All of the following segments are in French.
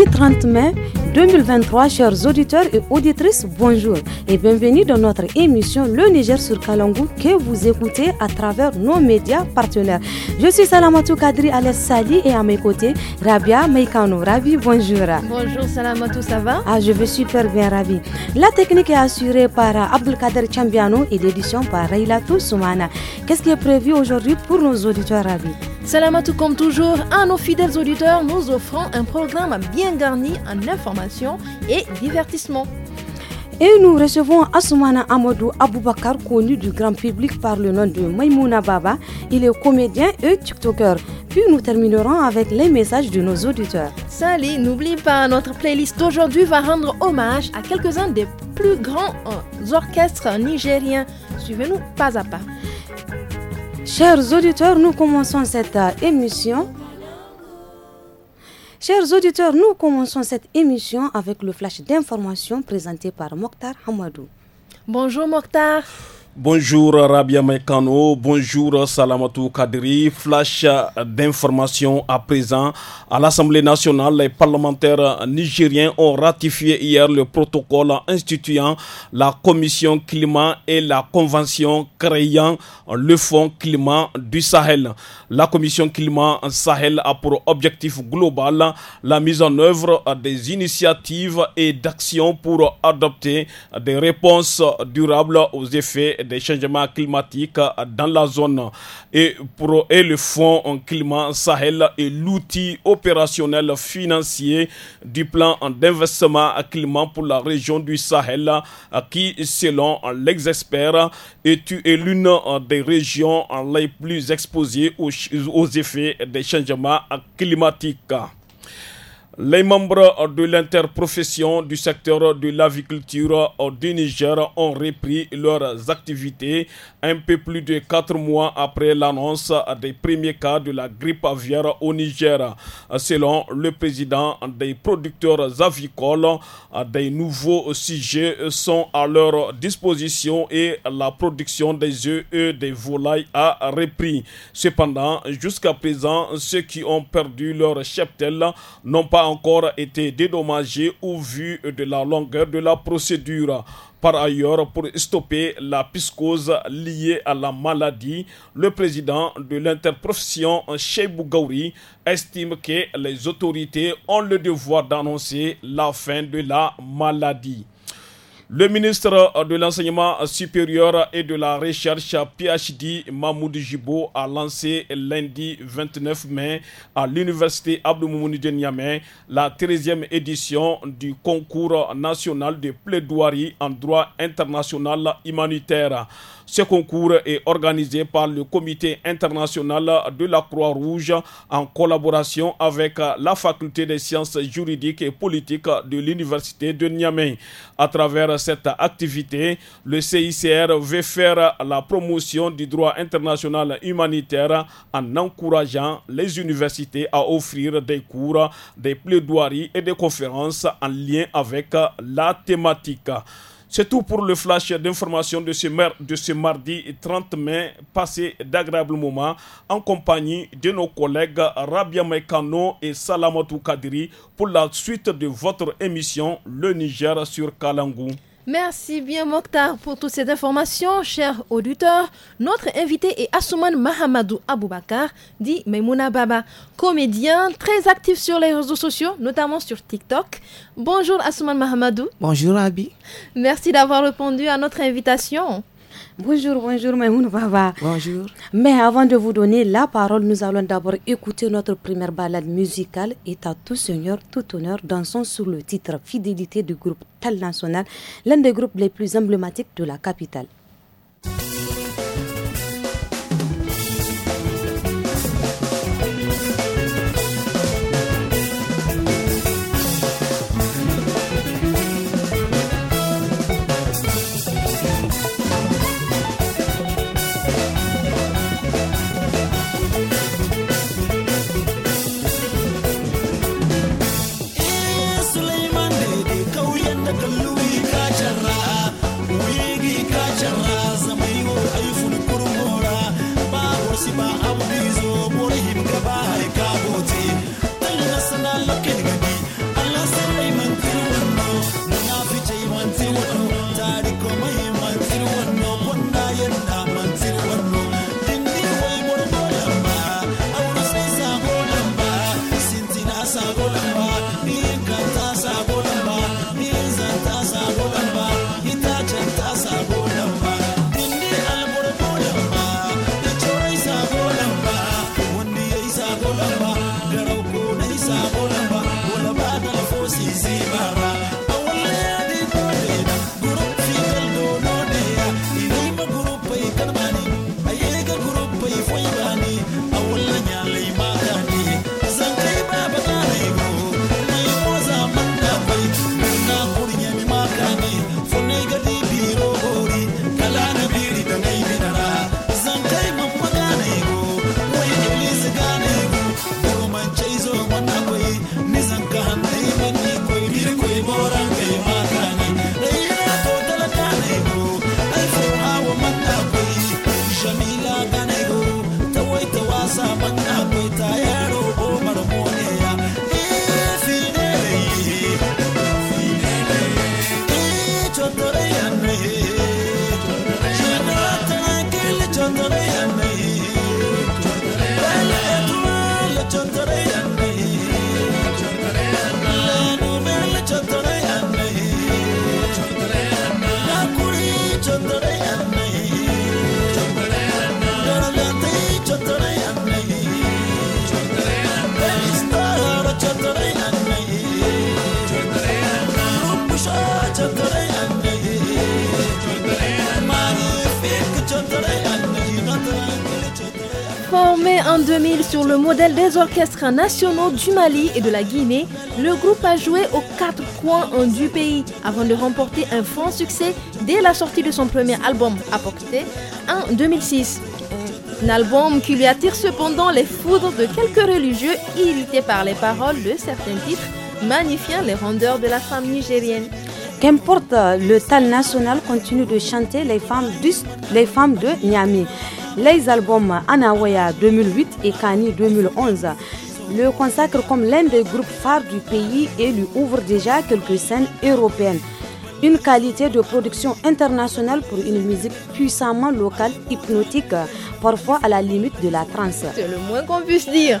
30 mai 2023, chers auditeurs et auditrices, bonjour et bienvenue dans notre émission Le Niger sur Kalangou que vous écoutez à travers nos médias partenaires. Je suis Salamatou Kadri Alès Sali et à mes côtés, Rabia Meikano. Rabi, bonjour. Bonjour Salamatou, ça va Ah, je vais super bien, Rabi. La technique est assurée par Abdelkader Chambiano et l'édition par Raylatou Soumana. Qu'est-ce qui est prévu aujourd'hui pour nos auditeurs, Rabi Salamatou comme toujours à nos fidèles auditeurs, nous offrons un programme bien garni en informations et divertissements. Et nous recevons Asumana Amadou Aboubakar, connu du grand public par le nom de Maimouna Baba. Il est comédien et TikToker. Puis nous terminerons avec les messages de nos auditeurs. Salut, n'oublie pas, notre playlist d'aujourd'hui va rendre hommage à quelques-uns des plus grands euh, orchestres nigériens. Suivez-nous pas à pas. Chers auditeurs, nous commençons cette euh, émission. Chers auditeurs, nous commençons cette émission avec le flash d'information présenté par Mokhtar Hamadou. Bonjour Mokhtar. Bonjour Rabia Mekano, bonjour Salamatou Kadri. Flash d'information à présent. À l'Assemblée nationale, les parlementaires nigériens ont ratifié hier le protocole instituant la commission climat et la convention créant le fonds climat du Sahel. La commission climat Sahel a pour objectif global la mise en œuvre des initiatives et d'actions pour adopter des réponses durables aux effets des changements climatiques dans la zone et, pour, le Fonds en climat Sahel est l'outil opérationnel financier du plan d'investissement climat pour la région du Sahel qui, selon l'expert est, l'une des régions les plus exposées aux effets des changements climatiques. Les membres de l'interprofession du secteur de l'aviculture du Niger ont repris leurs activités un peu plus de quatre mois après l'annonce des premiers cas de la grippe aviaire au Niger. Selon le président des producteurs avicoles, des nouveaux sujets sont à leur disposition et la production des œufs et des volailles a repris. Cependant, jusqu'à présent, ceux qui ont perdu leur cheptel n'ont pas encore été dédommagé au vu de la longueur de la procédure. Par ailleurs, pour stopper la piscose liée à la maladie, le président de l'interprofession Cheibou Gauri estime que les autorités ont le devoir d'annoncer la fin de la maladie. Le ministre de l'Enseignement supérieur et de la Recherche, PhD Mahmoud Jibo, a lancé lundi 29 mai à l'Université Abdou Moumouni de la 13e édition du concours national de plaidoirie en droit international humanitaire. Ce concours est organisé par le Comité international de la Croix-Rouge en collaboration avec la Faculté des sciences juridiques et politiques de l'Université de Niamey. À travers cette activité, le CICR veut faire la promotion du droit international humanitaire en encourageant les universités à offrir des cours, des plaidoiries et des conférences en lien avec la thématique. C'est tout pour le flash d'information de ce, mardi 30 mai. Passez d'agréables moments en compagnie de nos collègues Rabia Mekano et Salamatu Kadiri pour la suite de votre émission Le Niger sur Kalangou. Merci bien Mokhtar pour toutes ces informations, chers auditeurs. Notre invité est Assouman Mahamadou Aboubakar, dit Memouna Baba, comédien très actif sur les réseaux sociaux, notamment sur TikTok. Bonjour Assouman Mahamadou. Bonjour Abi. Merci d'avoir répondu à notre invitation. Bonjour, bonjour Maïmoun Baba. Bonjour. Mais avant de vous donner la parole, nous allons d'abord écouter notre première balade musicale et à tout seigneur, tout honneur, dansons sous le titre Fidélité du groupe Tal National, l'un des groupes les plus emblématiques de la capitale. Colombo. en 2000 sur le modèle des orchestres nationaux du Mali et de la Guinée, le groupe a joué aux quatre coins du pays avant de remporter un franc succès dès la sortie de son premier album Apporté en 2006. Un album qui lui attire cependant les foudres de quelques religieux irrités par les paroles de certains titres magnifiant les rondeurs de la femme nigérienne. Qu'importe, le tal national continue de chanter les femmes, les femmes de Niamey les albums Anawaya 2008 et Kani 2011 le consacrent comme l'un des groupes phares du pays et lui ouvrent déjà quelques scènes européennes. Une qualité de production internationale pour une musique puissamment locale, hypnotique, parfois à la limite de la trance. C'est le moins qu'on puisse dire.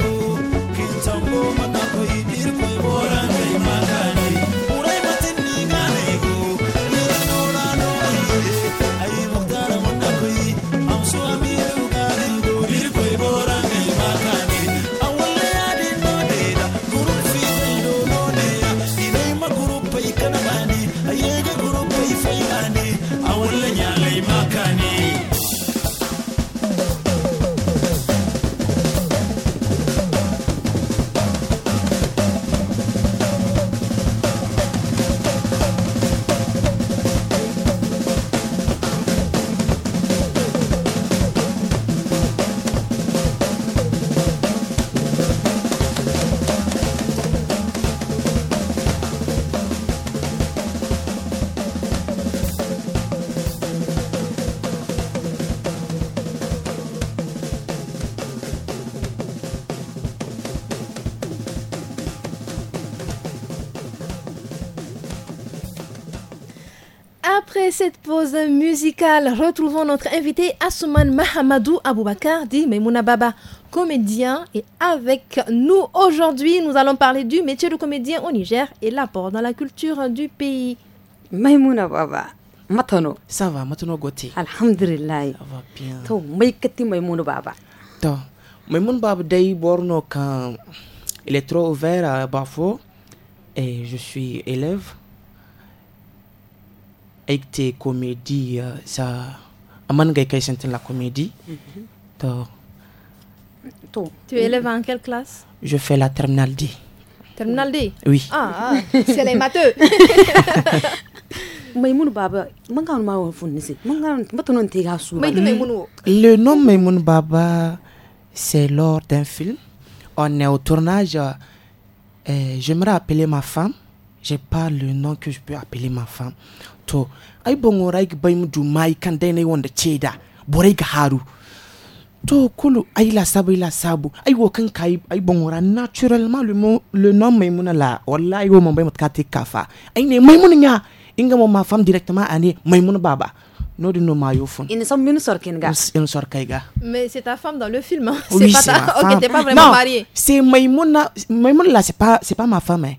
cette pause musicale, retrouvons notre invité Asuman Mahamadou Aboubakar, dit Maimouna Baba, comédien. Et avec nous aujourd'hui, nous allons parler du métier de comédien au Niger et l'apport dans la culture du pays. Maimouna Baba, Matano. Ça va, Matano Goti. Alhamdulillah. Ça va bien. To, Maïkati Maimouna Baba. To, Maimouna Baba, Dei Borno, quand il est trop ouvert à Bafo, et je suis élève comédies, euh, ça, ça. amanga kai sentin la comédie mm-hmm. to tu élèves en quelle classe je fais la terminale D Terminale D Oui. Ah, ah c'est les matheux. Le nom Maïmoun Baba, c'est lors d'un film. On est au tournage. Euh, j'aimerais appeler ma femme. J'ai pas le nom que je peux appeler ma femme to ai bongorai ga bai mudu mai kan dai ne wanda ce borai ga haru to kulu ai la sabu la sabu ai wo kan kai ai bongora naturellement le mot le nom maimuna la wallahi wo mambai mat kate kafa ai ne maimuna nya inga mo ma fam directement ani maimuna baba no de no mayo fun ils sont une sorkinga une sorkaiga mais c'est ta femme dans le film hein? c'est oui, pas ta... ma femme. OK t'es pas vraiment non, mariée c'est maimuna maimuna là c'est pas c'est pas ma femme hein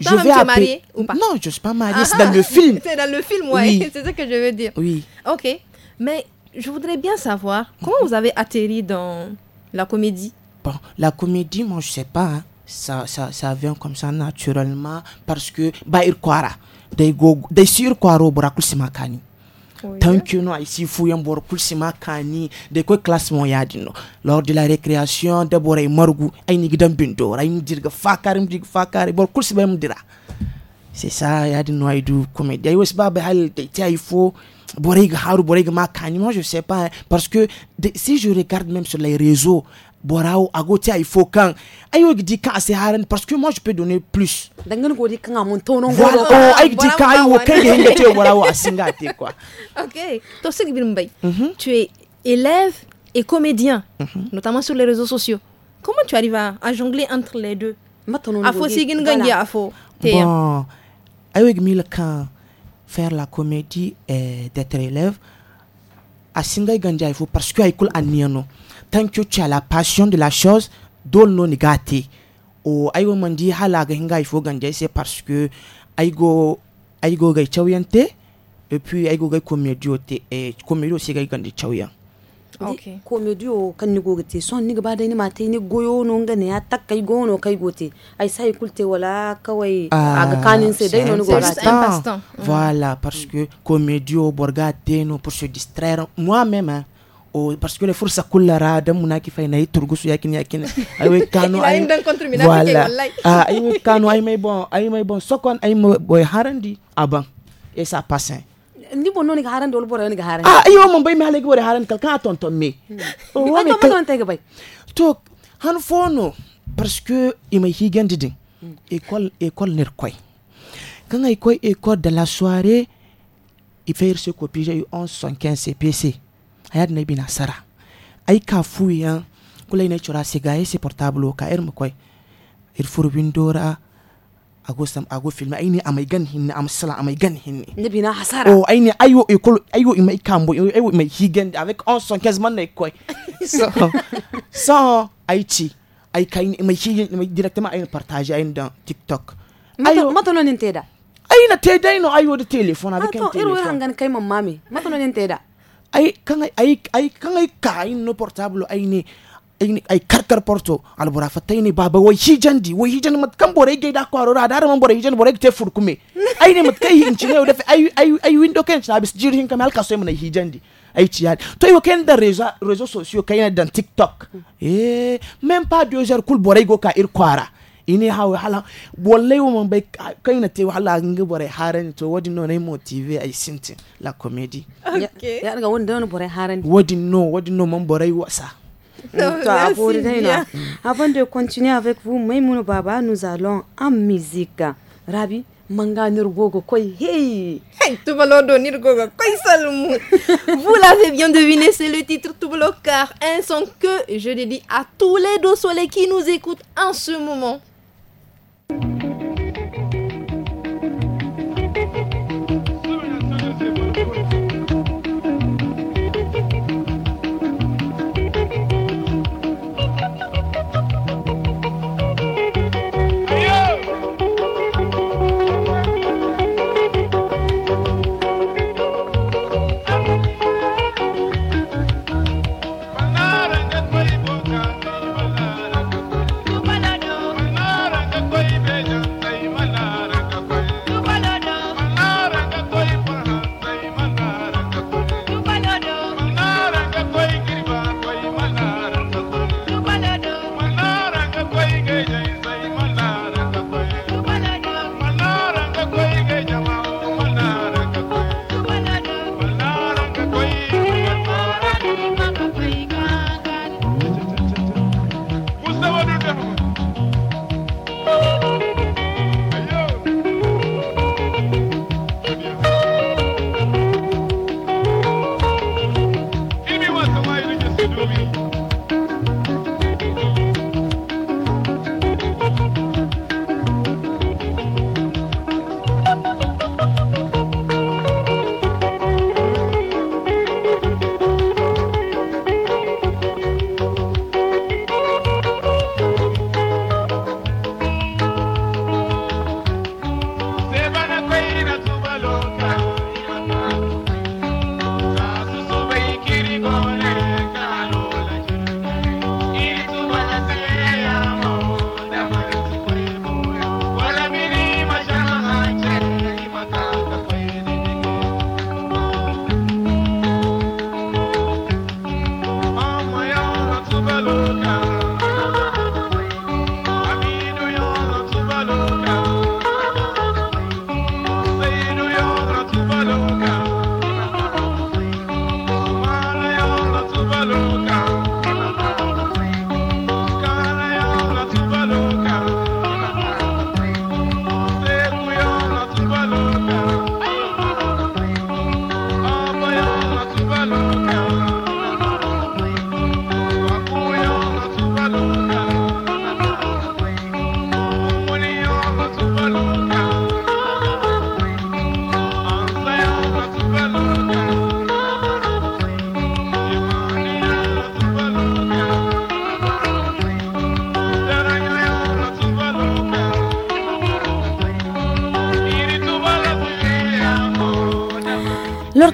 tu es mariée ou pas Non, je ne suis pas mariée, c'est ah, dans le film. C'est dans le film, oui. c'est ce que je veux dire. Oui. Ok, mais je voudrais bien savoir comment vous avez atterri dans la comédie. Bon, la comédie, moi, je ne sais pas. Hein. Ça, ça, ça, vient comme ça naturellement parce que il Kwara, des quoi c'est Borakul Simakani. Thank you no ici fuyen bor ma kani de quoi classement yadi no Lors de la récréation de bor morgu margu ay ni bindo dirga fakari mi dirga fakari bor c'est même dira. C'est ça ya no ay du comédie. Ay wes ba hal de ti il faut bor haru bor ma cani moi je sais pas hein, parce que si je regarde même sur les réseaux borao agoti ay fokan ayo gidi se ase haran parce que moi je peux donner plus dangan godi kan amon tono voilà oh ay gidi ka ay wo kan hinga te borao asinga te quoi OK to sig bin bay tu es élève et comédien mhm. notamment sur les réseaux sociaux comment tu arrives à, à jongler entre les deux afo sigin gangi afo bon ayo gmil kan faire la comédie et d'être élève asinga ganja il faut parce que ay kul aniano mm tant que tu as la passion de la chose, dole Oh, ni gate. di dit, hala ga hinga ifo gagner, c'est parce que aigo aigo ga chawyante et puis comédie comédie aussi Okay. kan ni ni ni ni goyo no ne gono kai gote ay sai kulte wala no voilà parce que comédie borga pour se distraire moi même hein, parce que le fursa kulla ra dan muna ki faina yi turgusu yakin yakin ay wai kanu ai dan contre wala ah ai kanu ay may bon ay may bon sokon ay boy harandi aban et ça passe ni bon non ni harandi ol ni harandi ah ayo mon bay mi halegi wore harandi kan ton ton me o wa ton tege bay to han fono parce que may higandi école école ner koy kan ay koy école de la soirée il fait ce copier 11 115 CPC a na adina i sara ai ka fu yan kula ina cura siga ese portable ka er mo koy ir furubin dora ago sam ago film aini amay gan hinne am sala amay gan hinne nabi bina hasara o aini ayo ikol ayo imay kambo ayo imay higen avec on son quinze man koy so so aichi ay kain imay higen imay directement ay partager ay dans tiktok ayo matalo ninteda aina tedai no ayo de téléphone avec un téléphone ayo ero hangan kay mamami non ninteda ay kan ay ay no portable ay ni ay karkar porto albura ni baba wai hijandi di hijan mat kan bore ge da da man bore hijan bore te ai ni mat window to yo ken da reza réseaux sociaux kay na dan tiktok eh même pas deux heures go ir ine hawe hala wolle wo mon bay kayna te hala ngi bore harani to wodi no nay motive ay sinti la comédie okay ya daga won don bore harani wodi no wodi no mon bore wasa Avant de continuer avec vous, Maïmouno Baba, nous allons en musique. Rabi, manga nirgogo koi hey hey tubalodo nirgogo koi salmu vous l'avez bien deviné c'est le titre Tubalo car un son que je dédie à tous les dos soleils qui nous écoutent en ce moment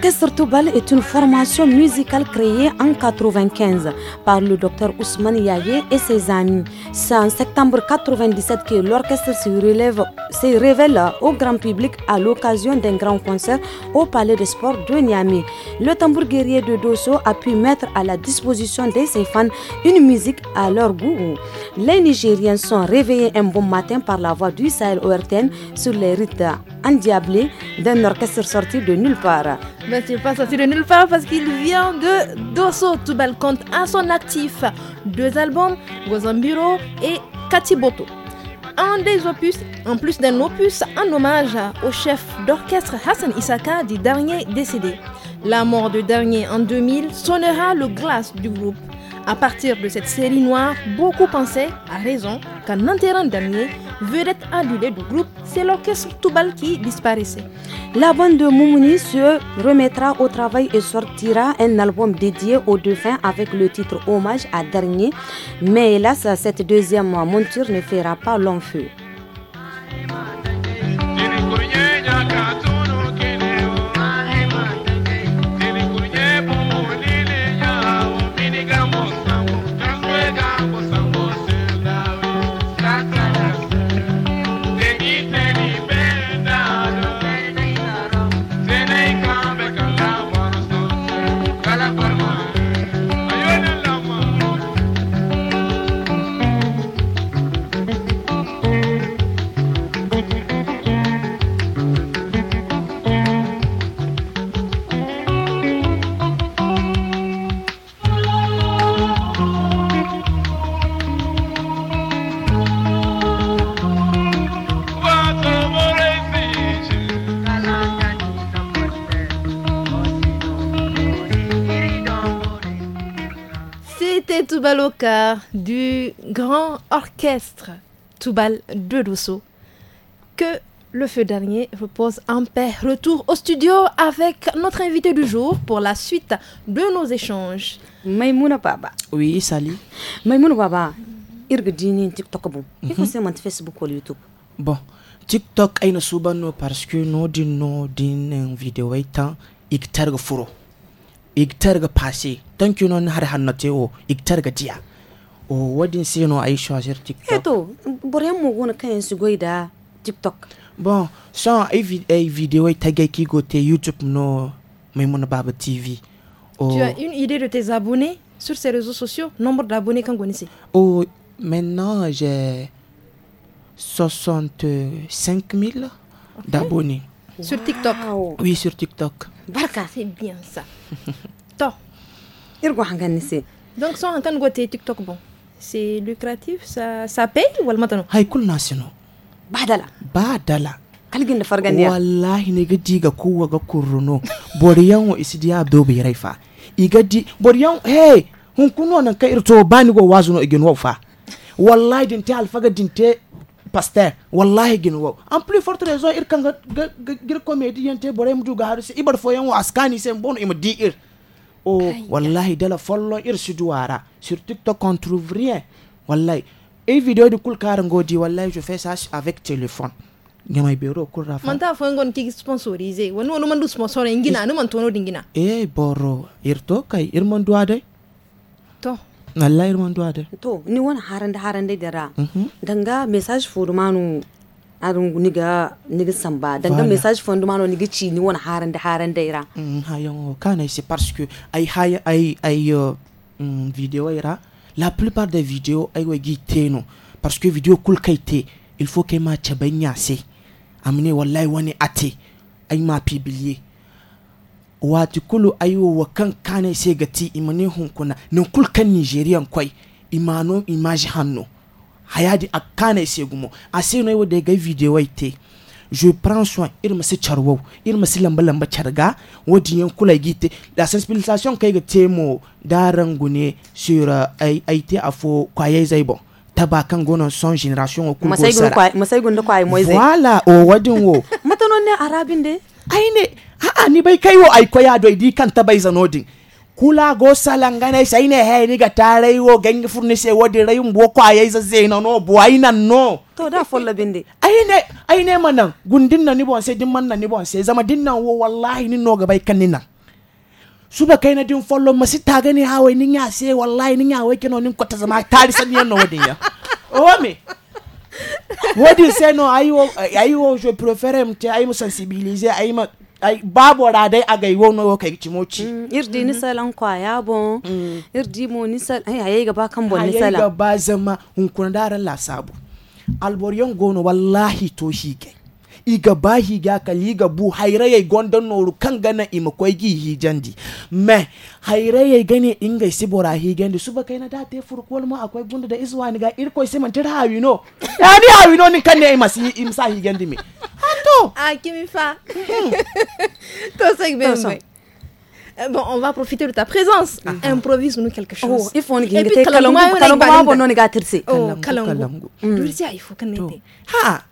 L'orchestre Toubal est une formation musicale créée en 1995 par le docteur Ousmane Yaye et ses amis. C'est en septembre 1997 que l'orchestre se, se révèle au grand public à l'occasion d'un grand concert au Palais des Sports de Niamey le tambour guerrier de Dosso a pu mettre à la disposition de ses fans une musique à leur goût. Les Nigériens sont réveillés un bon matin par la voix du Sahel sur les rites endiablés d'un orchestre sorti de nulle part. Mais c'est pas sorti de nulle part parce qu'il vient de Dosso. bel compte à son actif deux albums, Gozambiro et Katiboto un des opus, en plus d'un opus en hommage au chef d'orchestre Hassan Isaka du dernier décédé. La mort de dernier en 2000 sonnera le glace du groupe. À partir de cette série noire, beaucoup pensaient, à raison, qu'en enterrant dernier, être annulé du groupe, c'est l'orchestre Toubal qui disparaissait. La bande de Moumouni se remettra au travail et sortira un album dédié aux fins avec le titre Hommage à Dernier. Mais hélas, cette deuxième monture ne fera pas long feu. du grand orchestre Toubal de Rousseau que le feu dernier repose en paix. Retour au studio avec notre invité du jour pour la suite de nos échanges. Maïmouna Baba. Oui, salut. Maïmouna Baba, un TikTok bon. Mhm. Écoutez-moi Facebook ou YouTube. Bon, TikTok aina soubano parce que no din no din vidéo étant iktarga furo. Iktarga passé. Tant que non har hanote o iktarga dia o wadin sino ay choisir tiktok eto bore mo gona kan su goida tiktok bon sans ay vid ay vidéo ay tagay ki go te youtube no maimuna baba tv tu as une idée de tes abonnés sur ces réseaux sociaux nombre d'abonnés kan gonisi oh maintenant j'ai 65 000 okay. d'abonnés sur TikTok. Oui, sur TikTok. Barka, c'est bien ça. Toi, Donc, sans un TikTok bon. C'est lucratif, ça, ça paye ou le Haikul nasino. Badala. Badala. kalgin da farganiya wallahi ne gadi ga kowa ga kurruno boriyan wa isidiya do bai raifa i gadi boriyan hey hun kuno nan kai irto bani go wazuno igin wa fa wallahi din te alfaga din te pasteur wallahi gin wa en plus forte raison ir kan ga gir comédien te borem du ga har ibar foyan wa askani sen bon im di ir o oh, wallahi dala follo irsudu wara sur tiktok on trouve rien wallahi Et vidéo de ngodi wallahi je fais ça avec téléphone ñamay manta fo ngon ki sponsorisé man dou sponsor ngina man dingina eh, boro irto kay to wallahi to ni harande harande mhm. danga message fo adun niga niga samba dans voilà. message fondement niga ci ni won haran da haran da ira mm hayo ah, c'est parce que ay hay ay ay uh, mm, vidéo ira la plupart des vidéos ay wagi teno parce que vidéo cool kaite il faut que ma tabanya se amine wallahi wani ate ay ma publier wati kulu ayo wa kan kana sai gati imane hunkuna nan kul kan nigerian kwai imano image hanno hayadi akane gumo ase no yode ga video ite je prends soin il me se charwo il me se lamba lamba charga wodi yen kula gite la sensibilisation kay ga temo daran gune sur eh, ayte afo kwaye zaibo taba kan gonon son generation o kulgo sara masai gun da kwaye moize wala o wadin wo matanon ne arabin de aine a'a ni bai kai wo ai koya do idi kan tabai zanodin kula go salangana sai ne hay ni ga tarai wo gangi sai wodi rayum bo ko ayi za zena no bo nan no to da folla binde aine aine manan gundin na ni bon sai din nan ni bon sai zama din nan wo wallahi ni no ga bai kan nan suba kai na din follow masi ta gani hawai ni ya sai wallahi ni ya wai kino nin ta zama tari san yan no wodin ya o me wodi sai no ayi wo je préfère mte ayi mo sensibiliser ma. ai babu radai a gai wono kai cimoci mm. irdi mm -hmm. nisalan kwa yabo mm. irdi mo nisal ai eh, ayi gaba kan bon nisala ayi gaba zama hun kun daran la sabu alboriyon gono wallahi to shi iga bahi ga bu gondon noru kan gana me inga bora suba da te de iswa ni ga irko man tira you ya ni ni imsa me hato a kimi ah, fa hmm. to eh, bon, on va profiter de ta présence. improvisons ah, ah. Improvise-nous quelque oh, chose. il faut que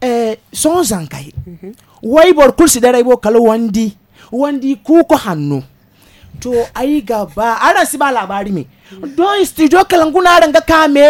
eh, sõn zãn ka ye mm -hmm. wandi wandi kuko hannu to ayi gaba a si ba labari me don studio kalanguna ranga kame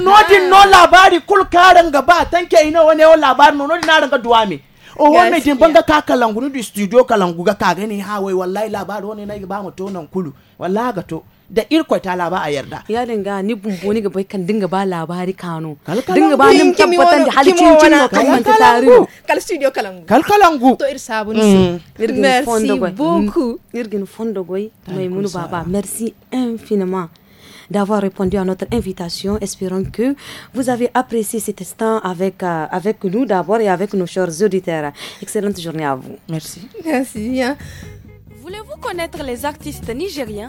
nodin no labari kul karan gaba tanke ina wani yau labari no nodin na ranga duwa me o wani din banga ka kalangu di studio kalangu ga ka gani ha wai wallahi labari wani na ba mu tonan kulu wallahi ga to da irkwata la ba a yarda ya dinga ni bumbo ni gaba kan dinga ba labari kano dinga ba nin tabbatan da halicin cin no kan manta tarihi kal studio kalangu kal kalangu to ir sabun mm. merci beaucoup mm. irgin fondo goy munu baba merci infiniment d'avoir répondu à notre invitation. Espérons que vous avez apprécié cet instant avec, euh, avec nous d'abord et avec nos chers auditeurs. Excellente journée à vous. Merci. Merci. Hein. Voulez-vous connaître les artistes nigériens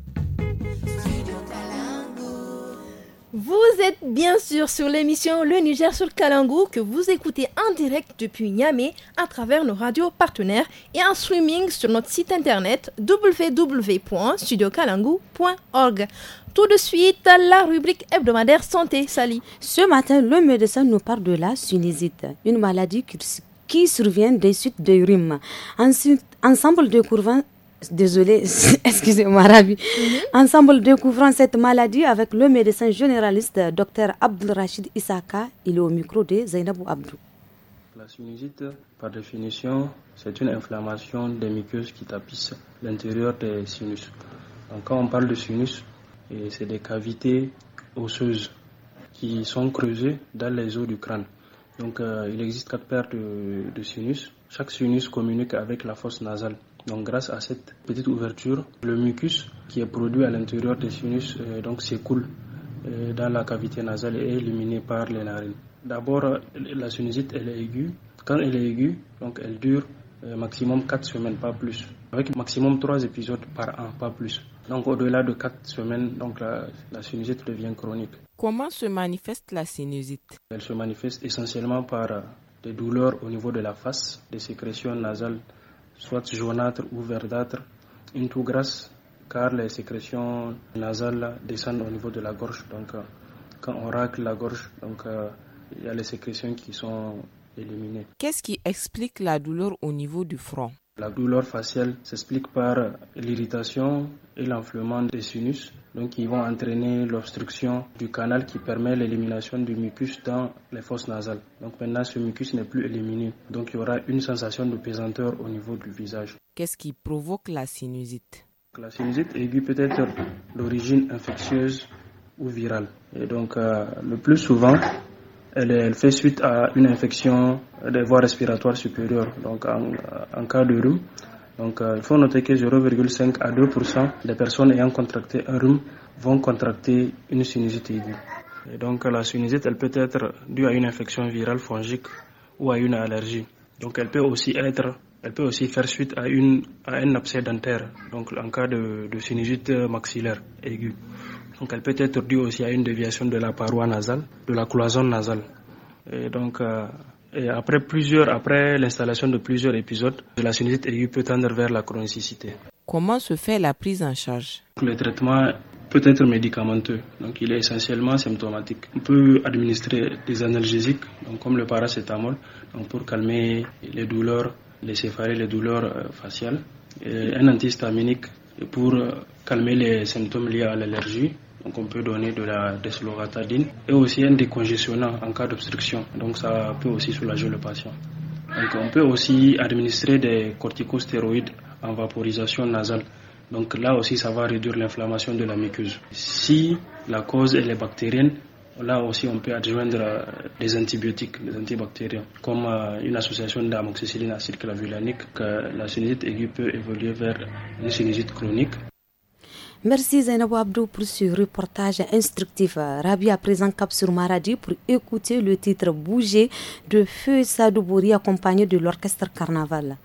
Vous êtes bien sûr sur l'émission Le Niger sur Kalangou que vous écoutez en direct depuis Niamey à travers nos radios partenaires et en streaming sur notre site internet www.studiokalangou.org. Tout de suite, la rubrique hebdomadaire santé, sali Ce matin, le médecin nous parle de la sinusite, une maladie qui survient des suites de rhume. Ensuite, ensemble de, désolé, excusez-moi, Rabi. Mhm. Ensemble, découvrons cette maladie avec le médecin généraliste Dr Abdul Rachid Issaka. Il est au micro de Zainabou Abdou. La sinusite, par définition, c'est une inflammation des muqueuses qui tapissent l'intérieur des sinus. Donc, quand on parle de sinus, c'est des cavités osseuses qui sont creusées dans les os du crâne. Donc, euh, il existe quatre paires de sinus. Chaque sinus communique avec la fosse nasale. Donc grâce à cette petite ouverture, le mucus qui est produit à l'intérieur des sinus euh, donc s'écoule euh, dans la cavité nasale et est éliminé par les narines. D'abord, la sinusite elle est aiguë. Quand elle est aiguë, donc elle dure euh, maximum 4 semaines, pas plus. Avec maximum 3 épisodes par an, pas plus. Donc au-delà de 4 semaines, donc la, la sinusite devient chronique. Comment se manifeste la sinusite Elle se manifeste essentiellement par des douleurs au niveau de la face, des sécrétions nasales soit jaunâtre ou verdâtre, une toux grasse, car les sécrétions nasales descendent au niveau de la gorge. Donc, euh, quand on racle la gorge, donc euh, il y a les sécrétions qui sont éliminées. Qu'est-ce qui explique la douleur au niveau du front La douleur faciale s'explique par l'irritation et l'enflement des sinus donc ils vont entraîner l'obstruction du canal qui permet l'élimination du mucus dans les fosses nasales. Donc maintenant ce mucus n'est plus éliminé, donc il y aura une sensation de pesanteur au niveau du visage. Qu'est-ce qui provoque la sinusite La sinusite aiguë peut être d'origine infectieuse ou virale. Et donc euh, le plus souvent, elle, fait suite à une infection des voies respiratoires supérieures, donc en, en cas de rhume donc euh, il faut noter que 0,5 à 2% des personnes ayant contracté un rhume vont contracter une sinusite aiguë. Et donc la sinusite, elle peut être due à une infection virale fongique ou à une allergie. Donc elle peut aussi être, elle peut aussi faire suite à, une, à un abcès dentaire, donc en cas de, sinusite maxillaire aiguë. Donc elle peut être due aussi à une déviation de la paroi nasale, de la cloison nasale. Et donc euh, après plusieurs, après l'installation de plusieurs épisodes, la sinusite aiguë peut tendre vers la chronicité. Comment se fait la prise en charge Le traitement peut être médicamenteux, donc il est essentiellement symptomatique. On peut administrer des analgésiques, donc comme le paracétamol, donc pour calmer les douleurs, les céphalées, les douleurs euh, faciales, un antihistaminique pour euh, calmer les symptômes liés à l'allergie, donc on peut donner de la desloratadine et aussi un décongestionnant en cas d'obstruction. Donc ça peut aussi soulager le patient. Donc on peut aussi administrer des corticostéroïdes en vaporisation nasale. Donc là aussi ça va réduire l'inflammation de la muqueuse. Si la cause est bactérienne, là aussi on peut adjoindre euh, des antibiotiques, des antibactériens, comme euh, une association d'amoxicilline acide clavulanique, que la sinusite aiguë peut évoluer vers une sinusite chronique. Merci Zainabou Abdou pour ce reportage instructif. Rabia à présent cap sur Maradi pour écouter le titre Bouger de Feu Sadoubouri accompagné de l'orchestre Carnaval.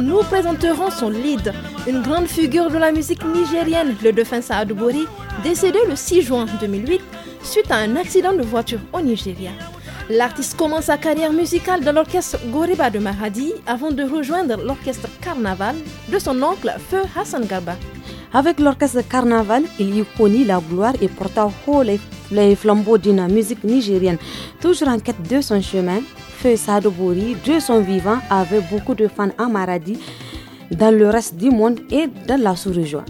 nous présenterons son lead, une grande figure de la musique nigérienne, le dauphin Saadou décédé le 6 juin 2008 suite à un accident de voiture au Nigeria. L'artiste commence sa carrière musicale dans l'orchestre Goriba de mahadi avant de rejoindre l'orchestre Carnaval de son oncle Feu Hassan Gaba. Avec l'orchestre Carnaval, il y connut la gloire et porta haut les flambeaux d'une musique nigérienne. Toujours en quête de son chemin, Sado Sadobori, de son vivant, avait beaucoup de fans en Maradi, dans le reste du monde et dans la sous-région.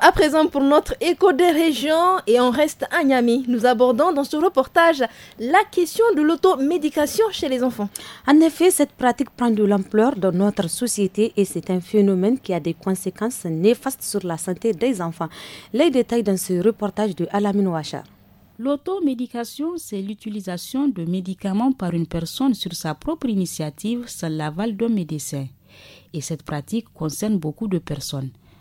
à présent pour notre écho des régions et on reste à Niami. Nous abordons dans ce reportage la question de l'automédication chez les enfants. En effet, cette pratique prend de l'ampleur dans notre société et c'est un phénomène qui a des conséquences néfastes sur la santé des enfants. Les détails dans ce reportage de Alamine Ouachar. L'automédication, c'est l'utilisation de médicaments par une personne sur sa propre initiative sans l'aval d'un médecin. Et cette pratique concerne beaucoup de personnes.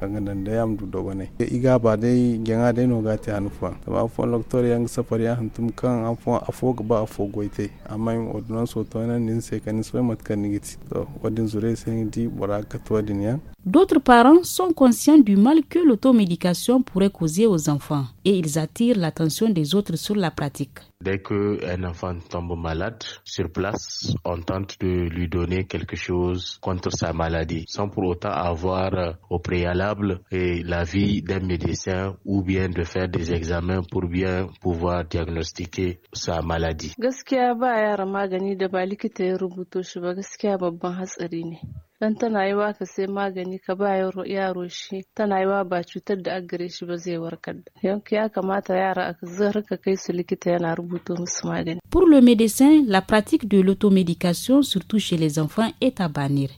kanga dan da yam du dogo ne iga ba dai genga dai no gati anufa ba fo loktor yang safari ya hantum kan afo afo ba afo goite amma im odnon so to nan nin se kan so mat kan nigiti to odin zure se di bora katwa din ya D'autres parents sont conscients du mal que l'automédication pourrait causer aux enfants et ils attirent l'attention des autres sur la pratique. Dès qu'un enfant tombe malade, sur place, on tente de lui donner quelque chose contre sa maladie, sans pour autant avoir euh, au préalable l'avis d'un médecin ou bien de faire des examens pour bien pouvoir diagnostiquer sa maladie dan tana yi ka sai magani ka ba yaro shi tana yi ba cutar da aggare shi ba zai warkar ya kamata yara a rika kai su likita yana rubuto musu magani pour le médecin la pratique de l'automédication surtout chez les enfants est à bannir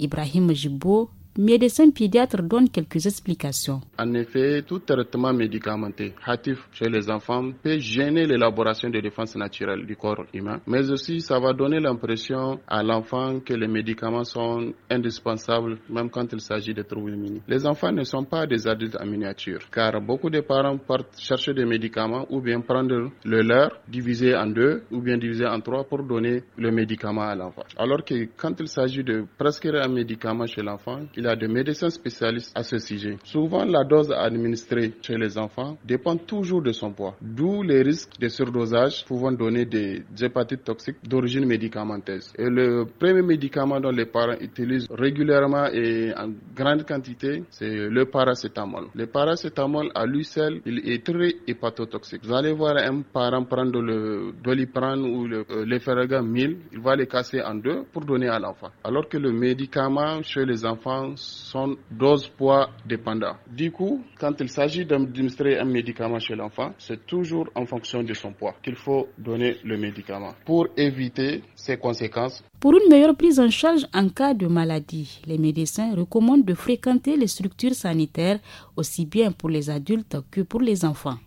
Ibrahim Jibo médecin pédiatre donne quelques explications. En effet, tout traitement médicamenteux hâtif chez les enfants peut gêner l'élaboration des défenses naturelles du corps humain, mais aussi ça va donner l'impression à l'enfant que les médicaments sont indispensables même quand il s'agit de troubles minimes. Les enfants ne sont pas des adultes en miniature, car beaucoup de parents partent chercher des médicaments ou bien prendre le leur, divisé en deux ou bien divisé en trois pour donner le médicament à l'enfant. Alors que quand il s'agit de prescrire un médicament chez l'enfant, il y a des médecins spécialistes à ce sujet. Souvent, la dose administrée chez les enfants dépend toujours de son poids, d'où les risques de surdosage pouvant donner des hépatites toxiques d'origine médicamenteuse. Et le premier médicament dont les parents utilisent régulièrement et en grande quantité, c'est le paracétamol. Le paracétamol, à lui seul, il est très hépatotoxique. Vous allez voir un parent prendre le doliprane ou le euh, l'effergan 1000, il va les casser en deux pour donner à l'enfant. Alors que le médicament chez les enfants son sont dose poids dépendants. Du coup, quand il s'agit d'administrer un médicament chez l'enfant, c'est toujours en fonction de son poids qu'il faut donner le médicament pour éviter ces conséquences. Pour une meilleure prise en charge en cas de maladie, les médecins recommandent de fréquenter les structures sanitaires aussi bien pour les adultes que pour les enfants.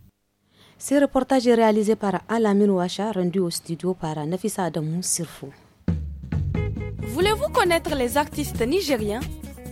Ce reportage est réalisé par Alamin Ouacha, rendu au studio par Nafisa Adamou Sirfo. Voulez-vous connaître les artistes nigériens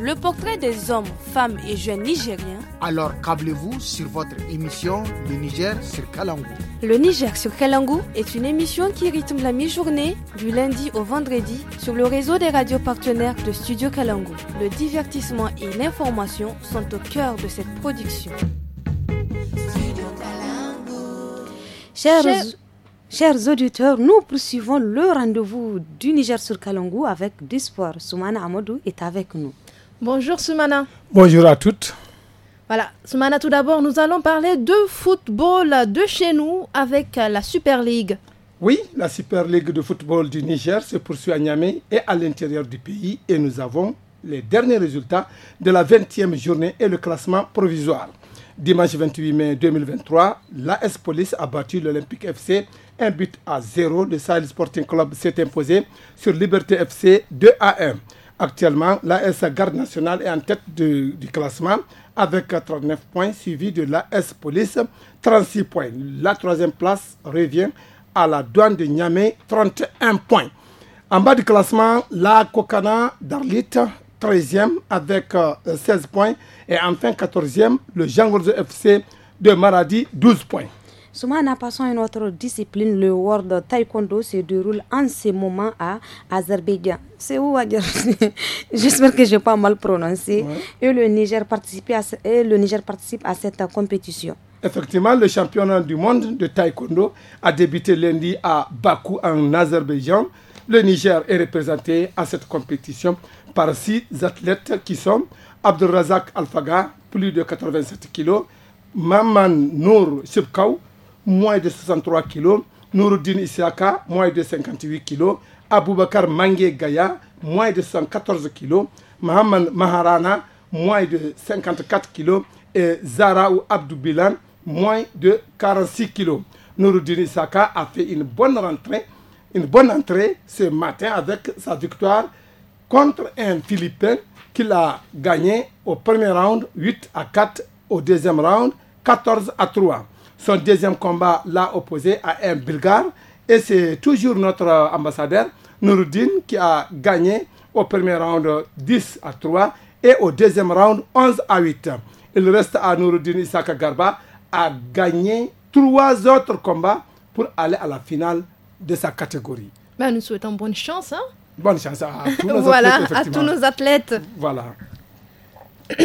le portrait des hommes, femmes et jeunes nigériens. Alors câblez-vous sur votre émission Le Niger sur Kalangou. Le Niger sur Kalangou est une émission qui rythme la mi-journée du lundi au vendredi sur le réseau des radios partenaires de Studio Kalangou. Le divertissement et l'information sont au cœur de cette production. Chers, Chers auditeurs, nous poursuivons le rendez-vous du Niger sur Kalangou avec d'espoir. Soumana Amadou est avec nous. Bonjour Soumana. Bonjour à toutes. Voilà, Soumana, tout d'abord, nous allons parler de football de chez nous avec la Super League. Oui, la Super League de football du Niger se poursuit à Niamey et à l'intérieur du pays et nous avons les derniers résultats de la 20e journée et le classement provisoire. Dimanche 28 mai 2023, l'AS Police a battu l'Olympique FC un but à zéro. Le Sahel Sporting Club s'est imposé sur Liberté FC 2 à 1. Actuellement, la l'AS Garde nationale est en tête du classement avec 39 points, suivi de l'AS Police, 36 points. La troisième place revient à la douane de Niamey, 31 points. En bas du classement, la Kokana d'Arlit, 13e avec 16 euh, points. Et enfin, 14e, le Jean FC de Maradi, 12 points. Souvent, en passant à une autre discipline, le World Taekwondo se déroule en ce moment à Azerbaïdjan. C'est où J'espère que je n'ai pas mal prononcé. Et, le Niger participe à, cette compétition. Effectivement, le championnat du monde de taekwondo a débuté lundi à Bakou, en Azerbaïdjan. Le Niger est représenté à cette compétition par six athlètes qui sont Abdelrazak Alfaga, plus de 87 kg, Maman Nour Subkaou, moins de 63 kg, Nouruddin Isaka moins de 58 kg, Aboubakar Mange Gaya, moins de 114 kg, Mohamed Maharana, moins de 54 kg, et Zara ou moins de 46 kg. Nouruddin Isaka a fait une bonne rentrée, une bonne entrée ce matin avec sa victoire contre un Philippin qu'il a gagné au premier round 8 à 4, au deuxième round 14 à 3. Son deuxième combat l'a opposé à un Bulgare. Et c'est toujours notre euh, ambassadeur, Nouroudine, qui a gagné au premier round 10 à 3 et au deuxième round 11 à 8. Il reste à Nouroudine Isaka Garba à gagner trois autres combats pour aller à la finale de sa catégorie. Ben, nous souhaitons bonne chance. Hein. Bonne chance à tous nos athlètes. À tous nos athlètes. Voilà.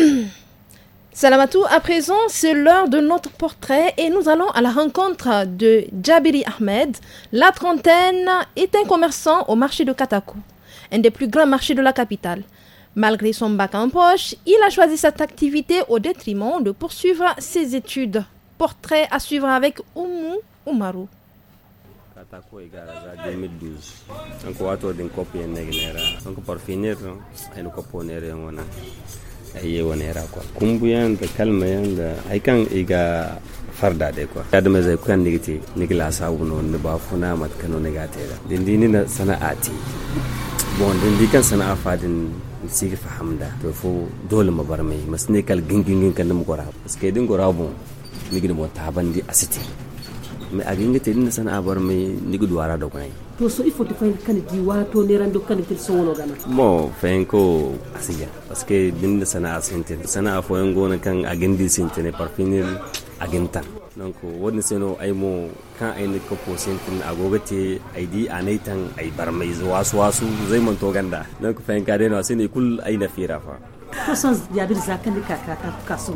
Salamatou, à présent, c'est l'heure de notre portrait et nous allons à la rencontre de Jabiri Ahmed. La trentaine est un commerçant au marché de Katakou, un des plus grands marchés de la capitale. Malgré son bac en poche, il a choisi cette activité au détriment de poursuivre ses études. Portrait à suivre avec Oumou Oumarou. katako maru 2012 ayi wani yara kwa yan da yan da kan iga farda dai kwa ya da mai zai kuyan nigite nigila sabu no ni ba funa matkano nigate da ni na sana'ati bon dindi kan sana'a fadin sigi fahamda to fo dole ma bar mai masne kal gingingin kan mu gora parce que din gora bon nigin mo tabandi asiti mais agenge tedin san abar me nigu duwara do kai to so ifo to fayin kan di wato ne rando kan til so wono gana mo fayin ko asiya parce que din da sana asinte sana afo yango gona kan a par sinte ne parfinil tan. donc wani seno ay mo kan ai ne ko posentin agogate ay di a anaitan ai barmai wasu su zai man to ganda donc fɛn ka dai no sene kul ay na fira fa kasan yabir zakani kani ka kaso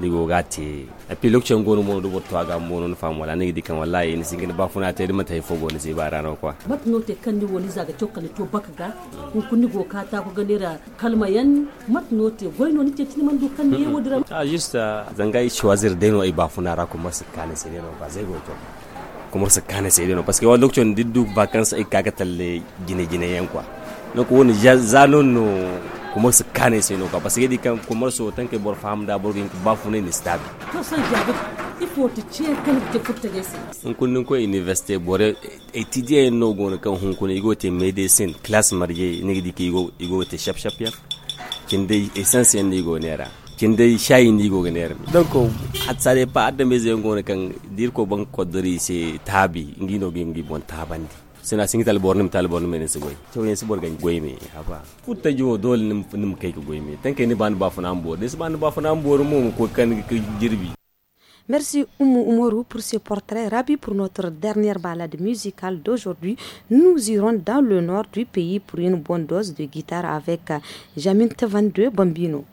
ligo gati a e pi lokacin gonu mono dubo to aga mono na fam wala ne di kan wallahi ni singin ba funa ta mata hifo goni sai ba rana kwa ba no te kan ni woni zaga cokali to baka ga kun kunni go kata ko ganira kalma yan mat no te goyno ni te tinman du kan ne wodira a ah, just ah, zangai chwazir deno ai ba funa ra ko masikane sai ne ba zai go to kuma su sai ne parce que wani lokacin duk duk ba kansa ai kaga talle gine gine yan kwa na ko woni zanon no kuma su kane sai no ba su yi dikan kuma su tan ke bor fam da burgin ginki ba fune ni stabi to san jabi ifo ta ce kan ke futta su in kunnin ko university bore e, e, yin no gon kan hun igo te medicine class marje ne dike igo igo te shap shap ya kin dai essence ne igo ne ra kin dai shayi ni go ganer at sare pa adame zai gon kan dir ko ban kodri se tabi ngino gimgi bon tabandi sina singital tal bor nim tal bor mene se goy to yen se gan goy me haba kutta jo dol nim nim kai ko goy me tan ni ban ba fana bor des ban ba fana bor mo ko kan ke jirbi Merci Oumu Oumoru pour ce portrait rabi pour notre dernière balade musicale d'aujourd'hui. Nous irons dans le nord du pays pour une bonne dose de guitare avec euh, Jamin 22 Bambino.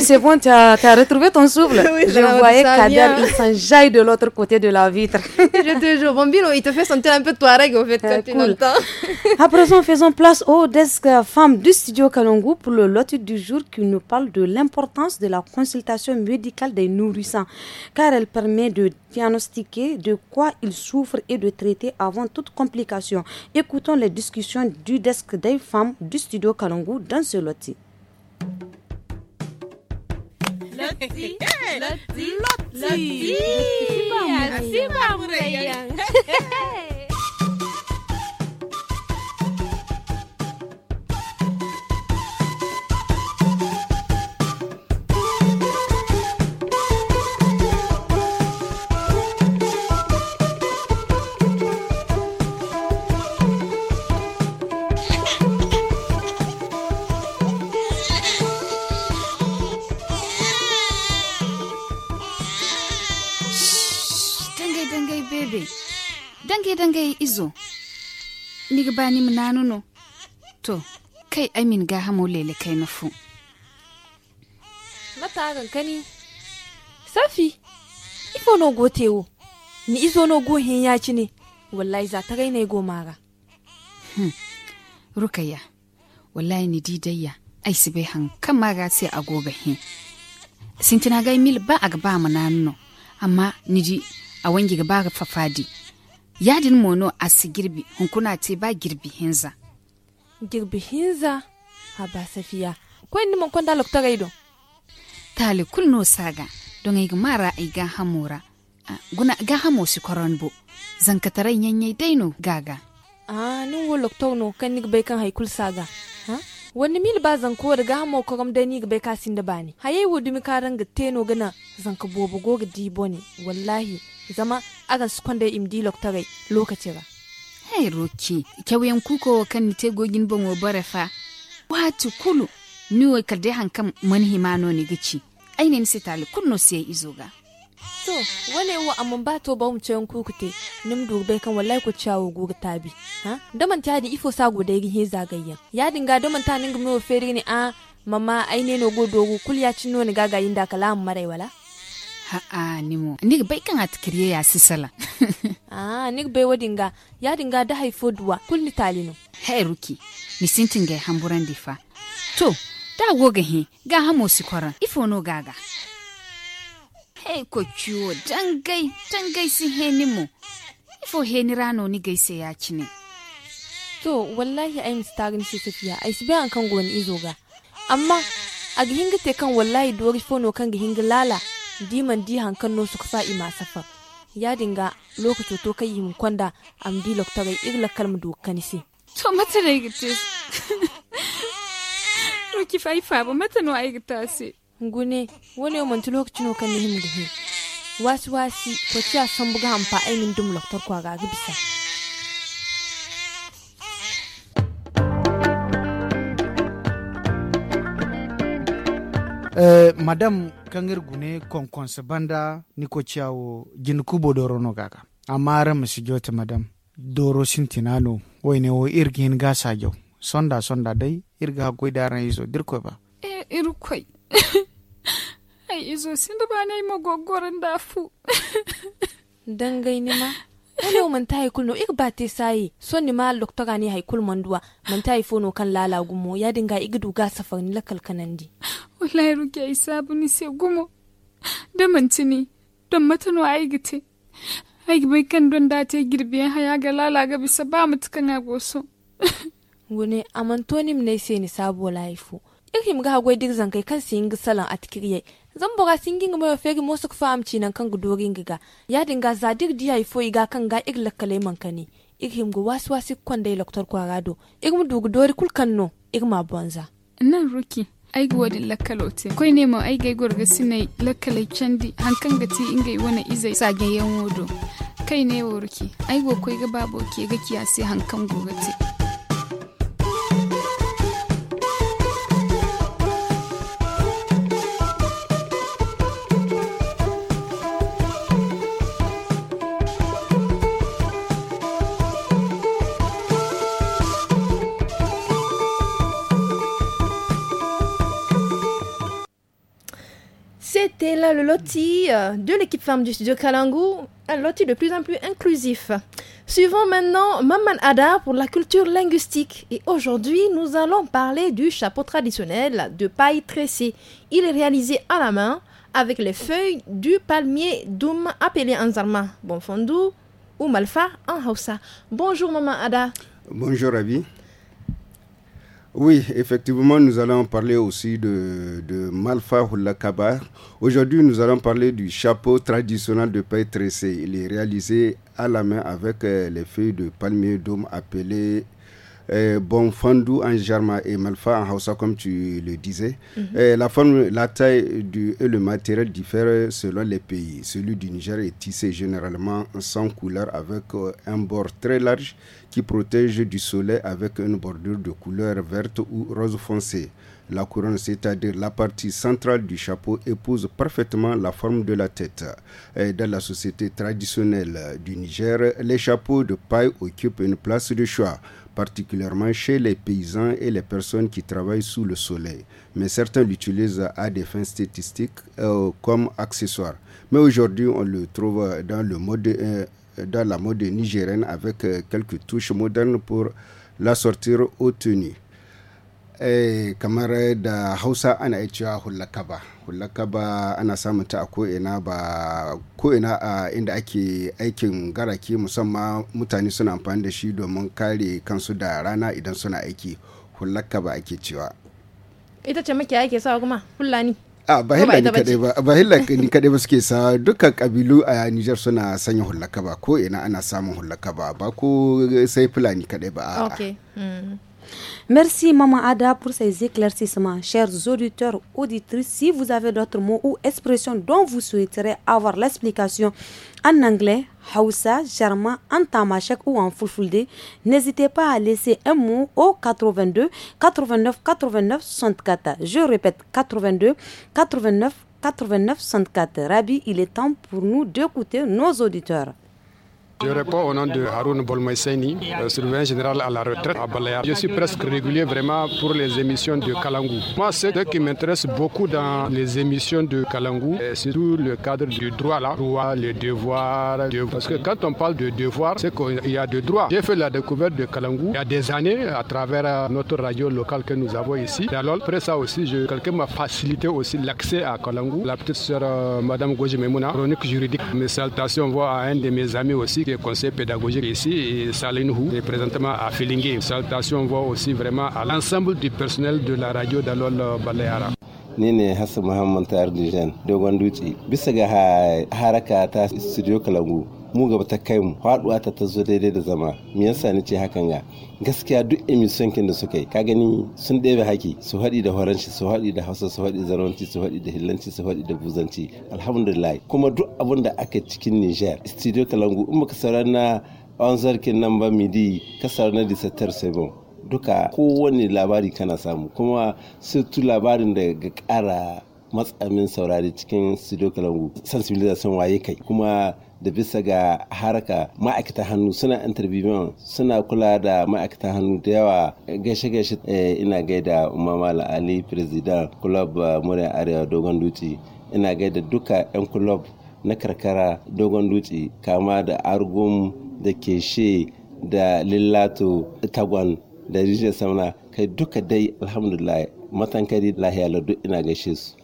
c'est bon, tu as, retrouvé ton souffle. je voyais Kader, il s'enjaille de l'autre côté de la vitre. je te jure, Bambino, il te fait sentir un peu Touareg, au fait, euh, quand tu l'entends. à présent, faisons place au desk euh, femme du studio Kalongo pour le lot du jour qui nous parle de l'importance de la consultation médicale des nourrissants, car elle permet de diagnostiquer de quoi ils souffrent et de traiter avant toute complication. Écoutons les discussions du desk des femmes du studio Kalongo dans ce loti. Let's see. pas Loti. Loti. dange dange izo ga bani mu nanuno to kai amin ga hamo lele kai na fu mata kankani safi ifo no gotewo ni izo no gohin ya ci ne wallahi za ta raina gomara ga hmm. rukaya wallahi ni didayya ai su bai hankan mara sai a goga hin sintina ga mil ba a gaba mu nanuno amma ni ji a wangi gaba fafadi yadin mono a si girbi hunkuna ce ba girbi hinza girbi hinza a ba safiya ko yin mon konda lokta gaido tali kunno saga don yi mara ai ga hamura ah, guna ga hamo si koronbo zankatarai yanyai daino gaga a ah, nin wo lokta no kan ni bai kan haikul saga ha wani mil ba zan da daga hamo ko gam ni bai kasin da bani haye wo dumi karan ga teno gana zanka bobo go ga dibo ne wallahi zama aran kwanda im dilok lokaci ba. hey roki kyawen kuko kan te gogin ban wa bara fa watu kulu ni wo kalde hankam man no ni gici aine ni sitali kunno sai ga. to wane wa amma ba to ba mu kuku kukute nim dube kan wallahi ku gugu tabi ha daman ta di ifo sago da yin heza gayya ya dinga daman ta ninga mu feri ni a ah, mama aine no go ya cinno ni gaga da kalamu marai wala ha'a nimo ni bai kan at ya ya sala. ah ni bai nga ya dinga da haifo duwa kulni talino hey ruki ni sintin ga hamburan difa to da goga he ga hamo sikoran ifo no gaga hey ko ciwo dangai dangai si he nimo ifo he ni rano ni gaise ya cine to wallahi ai mistagin si tafiya ai sibe an kan goni izo ga amma a gihinga te kan wallahi dori fono kan gihinga lala diman di hankan no suka ima safa ya dinga lokaci to kai mun kwanda am di loktagai irla kalmu do kanisi to mata da gitte roki fa'i fa ba mata no ai gittase gune wani mantu lokaci no kan him gihi wasi wasi ko ciya san buga hampa ainihin dum loktar kwa ga bisa Uh, madam kangir gune konkons banda niko ciyawo gin kubo doro no gaga musu jota madam doro sintinano ne wo irgin gasa jau sonda sonda dai irga hakoi daran izo dirko ba e irkwai ai izo sindu ba nai magogoran da fu dangai ne ma wani mun ta yi kulno ik ba sai so ni ma loktora ne hay kul manduwa mun ta yi fono kan lala gumo ya dinga igidu ga safar ni lakal kanandi wallahi ruke ai sabu ni sai gumo da man tini don matano ai gite ai bai kan don da ta girbe haya ga lala ga bisa ba mutukan gune wani amantonim ne sai ni sabo laifu Ikim ga hagwai dik zankai kan sin gisalan atkiriyai zan buga singin wafe gi musu kufa amci nan kan gudogin giga ya dinga duk diya ifo iga kan ga igla kale man kani ighim go wasu wasu dai iloktor kwarado mu dugu dori kulkan no ma bonza nan ruki aigu wadin lakkalote koi nemo aigai gorga sinai lakkalai candi hankan gati ingai wani izai sagayen wodo kai ne wa ruki aigo koi ga babo ke ga kiyasi hankan gogate C'était là le loti euh, de l'équipe femme du studio Kalangu, un loti de plus en plus inclusif. Suivons maintenant Maman Ada pour la culture linguistique. Et aujourd'hui, nous allons parler du chapeau traditionnel de paille tressée. Il est réalisé à la main avec les feuilles du palmier d'Oum appelé en Zarma, Bonfondou ou Malfa en Hausa. Bonjour Maman Ada. Bonjour Abi. Oui, effectivement, nous allons parler aussi de, de Malfa Hulakaba. Aujourd'hui, nous allons parler du chapeau traditionnel de paille tressée. Il est réalisé à la main avec euh, les feuilles de palmier d'homme appelées eh, bon, fondu en Jarma et Malfa en Hausa, comme tu le disais. Mhm. Eh, la forme, la taille du, et le matériel diffèrent selon les pays. Celui du Niger est tissé généralement sans couleur avec euh, un bord très large qui protège du soleil avec une bordure de couleur verte ou rose foncé. La couronne, c'est-à-dire la partie centrale du chapeau, épouse parfaitement la forme de la tête. Eh, dans la société traditionnelle du Niger, les chapeaux de paille occupent une place de choix particulièrement chez les paysans et les personnes qui travaillent sous le soleil, mais certains l'utilisent à des fins statistiques euh, comme accessoire. Mais aujourd'hui, on le trouve dans, le mode, euh, dans la mode nigérienne avec euh, quelques touches modernes pour la aux tenues. eh kamar da hausa ana cewa hulaka ba ana samun ta a ko'ina ba ko'ina a inda ake aikin garaki musamman mutane suna amfani da shi domin kare kansu da rana idan suna aiki ba ake cewa ita ce muke ake sawa kuma hulani a ba hila ni kadai ba ba hilla ni kadai ba suke sa dukkan kabilu a Niger suna sanya hullaka ba ko ina ana samun hullaka ba ba ko sai fulani kadai ba a'a mm. Merci Maman Ada pour ces éclaircissements. Chers auditeurs, auditrices, si vous avez d'autres mots ou expressions dont vous souhaiterez avoir l'explication en anglais, Hausa, Germain, en Tamashek ou en Fulfulde, n'hésitez pas à laisser un mot au 82 89 89 64. Je répète 82 89 89 64. Rabbi, il est temps pour nous d'écouter nos auditeurs. Je réponds au nom de Haroun Bolmoiseni, euh, surveillant général à la retraite à Balaya. Je suis presque régulier vraiment pour les émissions de Kalangou. Moi, c'est ce qui m'intéresse beaucoup dans les émissions de Kalangou, c'est tout le cadre du droit là. Droit, le devoir. Parce que quand on parle de devoir, c'est qu'il y a de droits. J'ai fait la découverte de Kalangou il y a des années à travers euh, notre radio locale que nous avons ici. alors, après ça aussi, quelqu'un m'a facilité aussi l'accès à Kalangou. La petite sœur, Mme euh, Madame chronique juridique. Mes salutations vont à un de mes amis aussi des conseils pédagogiques ici et est présentement à Filingué. Salutations vont aussi vraiment à l'ensemble du personnel de la radio d'Alol euh, Baleara. Nene ne hassan muhammad tayar dijan dogon dutse bisa ga haraka ta studio kalangu mu gaba ta kai mu faduwa ta zo daidai da zama me yasa ni ce hakan ga gaskiya duk emission da suka yi ka gani sun ɗebe haki su haɗi da horanci su haɗi da hausa su haɗi da zaranci su haɗi da hillanci su haɗi da buzanci alhamdulillah kuma duk abin da aka cikin niger studio kalangu in baka saurari na an zarkin nan ba midi ka saurari na disatar sabon duka kowane labari kana samu kuma surtu labarin da ga ƙara matsamin saurari cikin studio kalangu sensibilization waye kai kuma da bisa ga haraka ma'aikata hannu suna interview suna kula da ma'aikata hannu da yawa gaishe gaishe eh, ina gaida umar ali president club eh, murya arewa dogon dutse ina gaida duka 'yan club na karkara dogon dutse kama da argum da keshe da lillato tagwan da rijiyar samuna kai duka dai alhamdulillah matankari lahiya duk ina gaishe su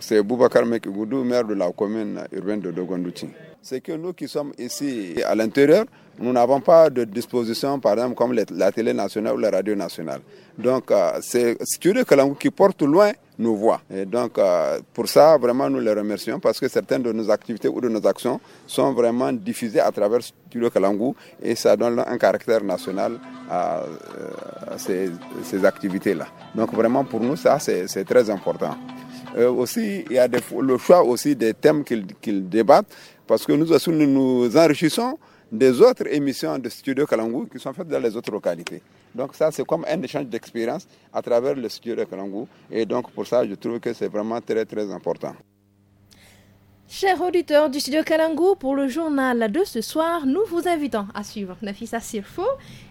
sai bubakar mai gudu mayar da la commune urbaine da dogon dutse. c'est que nous qui sommes ici à l'intérieur, nous n'avons pas de disposition, par exemple, comme la télé nationale ou la radio nationale. Donc, euh, c'est curieux que qui porte loin nos voix. Et donc, euh, pour ça, vraiment, nous les remercions parce que certaines de nos activités ou de nos actions sont vraiment diffusées à travers Studio Kalangu et ça donne un caractère national à, euh, ces, activités-là. Donc, vraiment, pour nous, ça, c'est très important. aussi, il y a des, le choix aussi des thèmes qu'ils débattent. Parce que nous nous enrichissons des autres émissions de Studio Kalangou qui sont faites dans les autres localités. Donc ça, c'est comme un échange d'expérience à travers le Studio Kalangou. Et donc pour ça, je trouve que c'est vraiment très, très important. Chers auditeurs du studio Kalangou pour le journal de ce soir, nous vous invitons à suivre Nafisa Sirfo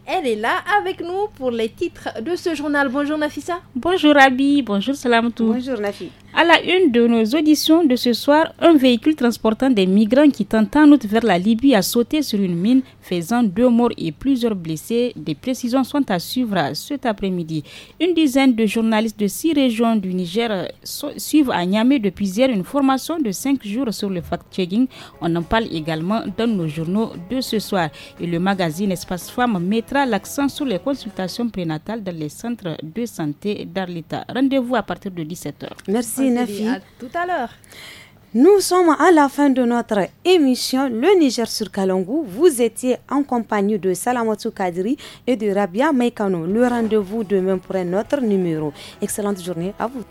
elle est là avec nous pour les titres de ce journal. Bonjour Nafissa. Bonjour Abi, bonjour Salamtou. Bonjour Nafi. À la une de nos auditions de ce soir, un véhicule transportant des migrants qui tentent en route vers la Libye a sauté sur une mine, faisant deux morts et plusieurs blessés. Des précisions sont à suivre cet après-midi. Une dizaine de journalistes de six régions du Niger suivent à Niamey depuis hier une formation de cinq jours sur le fact-checking. On en parle également dans nos journaux de ce soir. Et le magazine Espace Femmes mettra l'accent sur les consultations prénatales dans les centres de santé d'Arlita. Rendez-vous à partir de 17h. Merci, Nafi. tout à l'heure. Nous sommes à la fin de notre émission Le Niger sur Kalangou. Vous étiez en compagnie de Salamatou Kadri et de Rabia Meikano. Le rendez-vous demain pour un autre numéro. Excellente journée à vous.